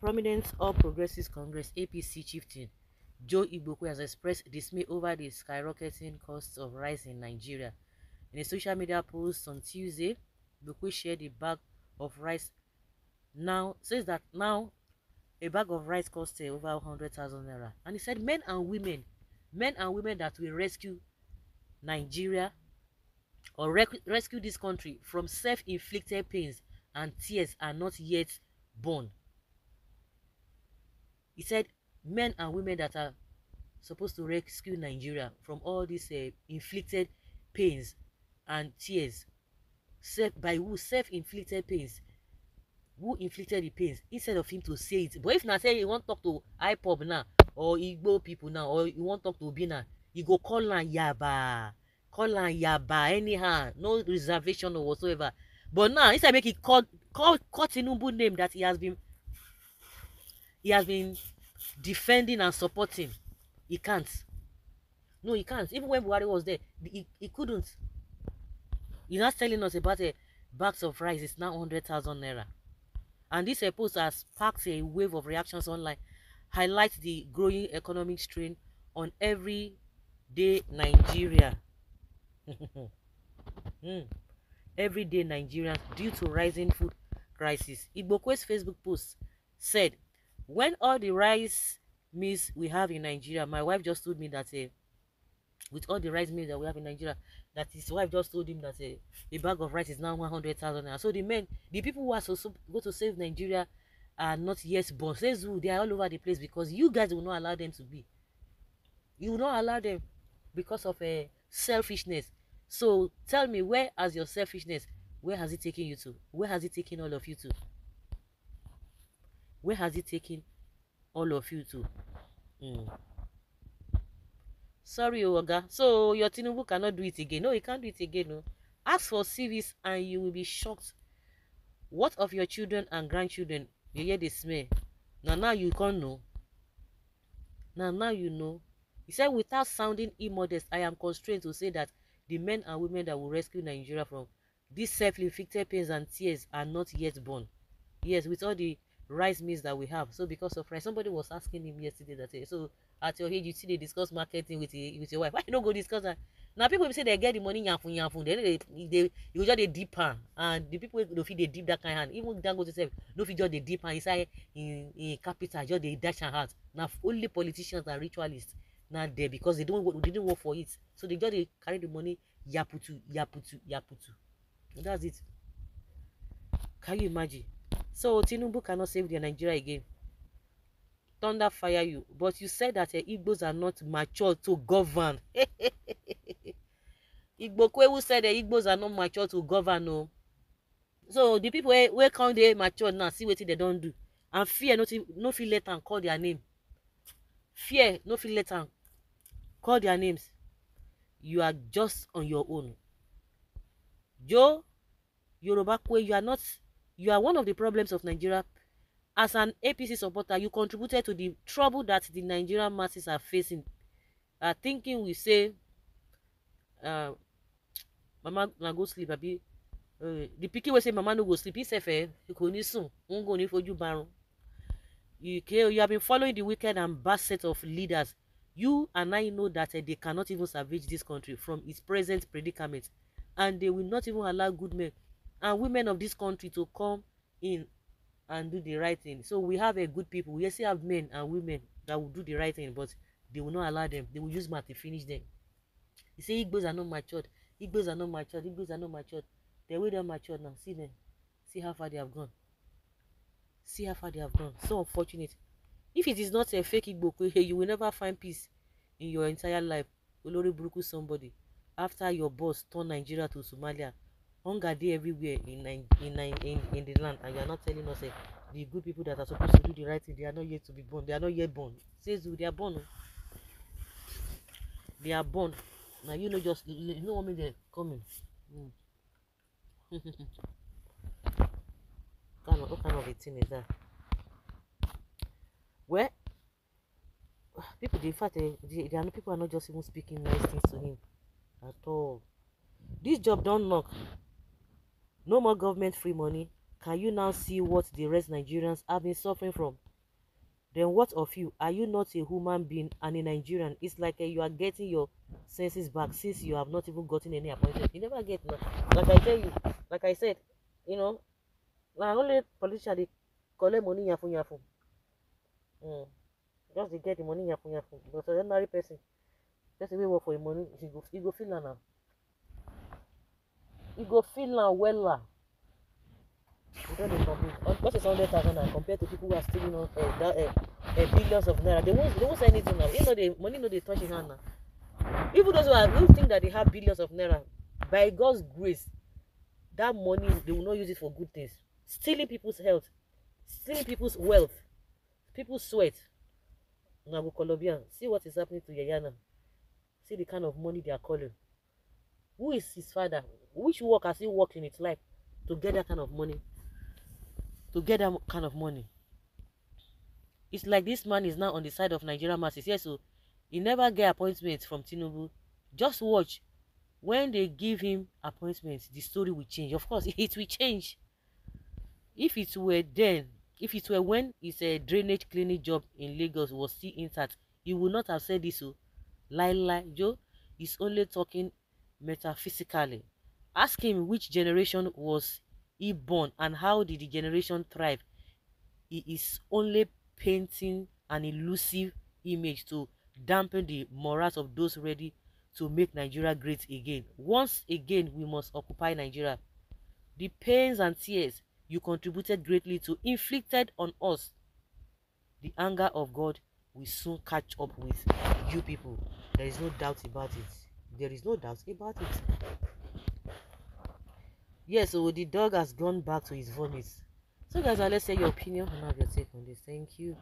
Prominent All Progressives Congress (APC) chieftain Joe Igbogu has expressed dismay over the skyrocketing costs of rice in Nigeria. In a social media post on Tuesday, Igbogu shared a bag of rice now says that now a bag of rice costs over 100,000 naira. And he said men and women, men and women that will rescue Nigeria or rec- rescue this country from self-inflicted pains and tears are not yet born. He said men and women that are supposed to rescue Nigeria from all these uh, inflicted pains and tears self by who self-inflicted pains who inflicted the pains instead of him to say it but if na say he wan talk to IPOB now or Igbo people now or he wan talk to Obi now he go call am yaba call am yaba anyhow no reservation or whatsoever but now instead make he call call call Tinubu name that he has been he has been defending and supporting he can't no he can't even when buhari was there he, he couldn't he's not telling us about a bags of rice It's now 100,000 naira and this post has sparked a wave of reactions online highlight the growing economic strain on everyday nigeria mm. everyday nigerians due to rising food crisis igboke's facebook post said when all the rice meals we have in Nigeria, my wife just told me that uh, with all the rice meals that we have in Nigeria, that his wife just told him that uh, a bag of rice is now one hundred thousand naira. So the men, the people who are so, so go to save Nigeria are not yet born. Says who? They are all over the place because you guys will not allow them to be. You will not allow them because of uh, selfishness. So tell me, where has your selfishness, where has it taken you to? Where has it taken all of you to? where has it taken all of you to mm. sorry oh, oga so your tinubu cannot do it again no he can't do it again no oh. ask for CVs and you will be shocked what of your children and grandchildren you hear the smell na now you con know na now you know he said without sounding immodest i am constrained to say that the men and women that will rescue nigeria from these self-inflicted pains and tears are not yet born yes with all the rice maize that we have so because of rice somebody was asking him yesterday that eh, so at your age you still dey discuss marketing with your with your wife why you no go discuss am na people be say dey get the money yanfun yanfun then they dey you go just dey deep am and the people no fit dey deep that kind hand even dangote sef no fit just dey dip am inside im im capital just dey dash am out na only politicians and ritualists na there because they don they don work for it so they just dey carry the money yaputu yaputu yaputu that's it can you imagine. So Tinubu cannot save the Nigeria again. Thunder fire you. But you said that uh, Igbos are not mature to govern. Igbo Kwewu said that uh, Igbos are not mature to govern. No. Oh. So the people where, where come they mature now, see what they don't do. And fear not no feel let and call their name. Fear no feel let and call their names. You are just on your own. Joe, Yoruba Kwe, you are not You are one of the problems of Nigeria. As an APC supporter, you contributed to the trouble that the Nigerian masses are facing. Uh, thinking we say, uh, Mama na go sleep, abi. Uh, the pikin wey say Mama no go sleep, He himself eh, kò ní sùn, òun kò ní fojú barun. You, Okay, you have been following the wicked and bad set of leaders. You and I know that uh, they cannot even salvage this country from its present predicament, and they will not even allow good men and women of this country to come in and do the right thing. So we have a good people. We still have men and women that will do the right thing, but they will not allow them. They will use math to finish them. You say Igbos are not matured. Igbos are not matured. Igbos are not matured. The way they are matured now. See them. See how far they have gone. See how far they have gone. So unfortunate. If it is not a fake Igbo, you will never find peace in your entire life. Olori Buruku somebody. After your boss turn Nigeria to Somalia, hunger dey everywhere in in, in in the land and you are not telling us eh the good people that are supposed to do the right thing they are not yet to be born they are not yet born says who they are born o oh. they are born na you no know, just you no wan make dem come in. Mm. kind of, what kind of a thing is that? Well, people, in fact, they, they, are, people are not just even speaking nice things to him at all. This job don't knock. No more government free money. Can you now see what the rest Nigerians have been suffering from? Then what of you? Are you not a human being and a Nigerian? It's like uh, you are getting your senses back since you have not even gotten any appointment. You never get none. Like I tell you, like I said, you know, na only politicians dey collect money yafun yafun. Mm. Just dey get the money yafun yafun. But ordinary person, person wey work for im money, he go, he go feel am now you go feel am wella you don dey complain because it's hundred thousand naira compared to people who are stealing on uh, eh, that, uh, uh, billions of naira they won't they won't say anything now you know the money no dey touch in hand now even those who are who think that they have billions of naira by god's grace that money they will not use it for good things stealing people's health stealing people's wealth people's sweat una go colombian see what is happening to yayana see the kind of money they are calling who is his father which work has he worked in its life to get that kind of money? To get that kind of money. It's like this man is now on the side of Nigeria masses. Yes, so he never get appointments from Tinubu. Just watch. When they give him appointments, the story will change. Of course, it will change. If it were then, if it were when it's a uh, drainage cleaning job in Lagos was still intact, he would not have said this. So, oh. Laila Joe is only talking metaphysically. Ask him which generation was he born and how did the generation thrive. He is only painting an elusive image to dampen the morals of those ready to make Nigeria great again. Once again, we must occupy Nigeria. The pains and tears you contributed greatly to inflicted on us. The anger of God will soon catch up with you people. There is no doubt about it. There is no doubt about it yes so the dog has gone back to his vomit so guys let's say your opinion and have your take on this thank you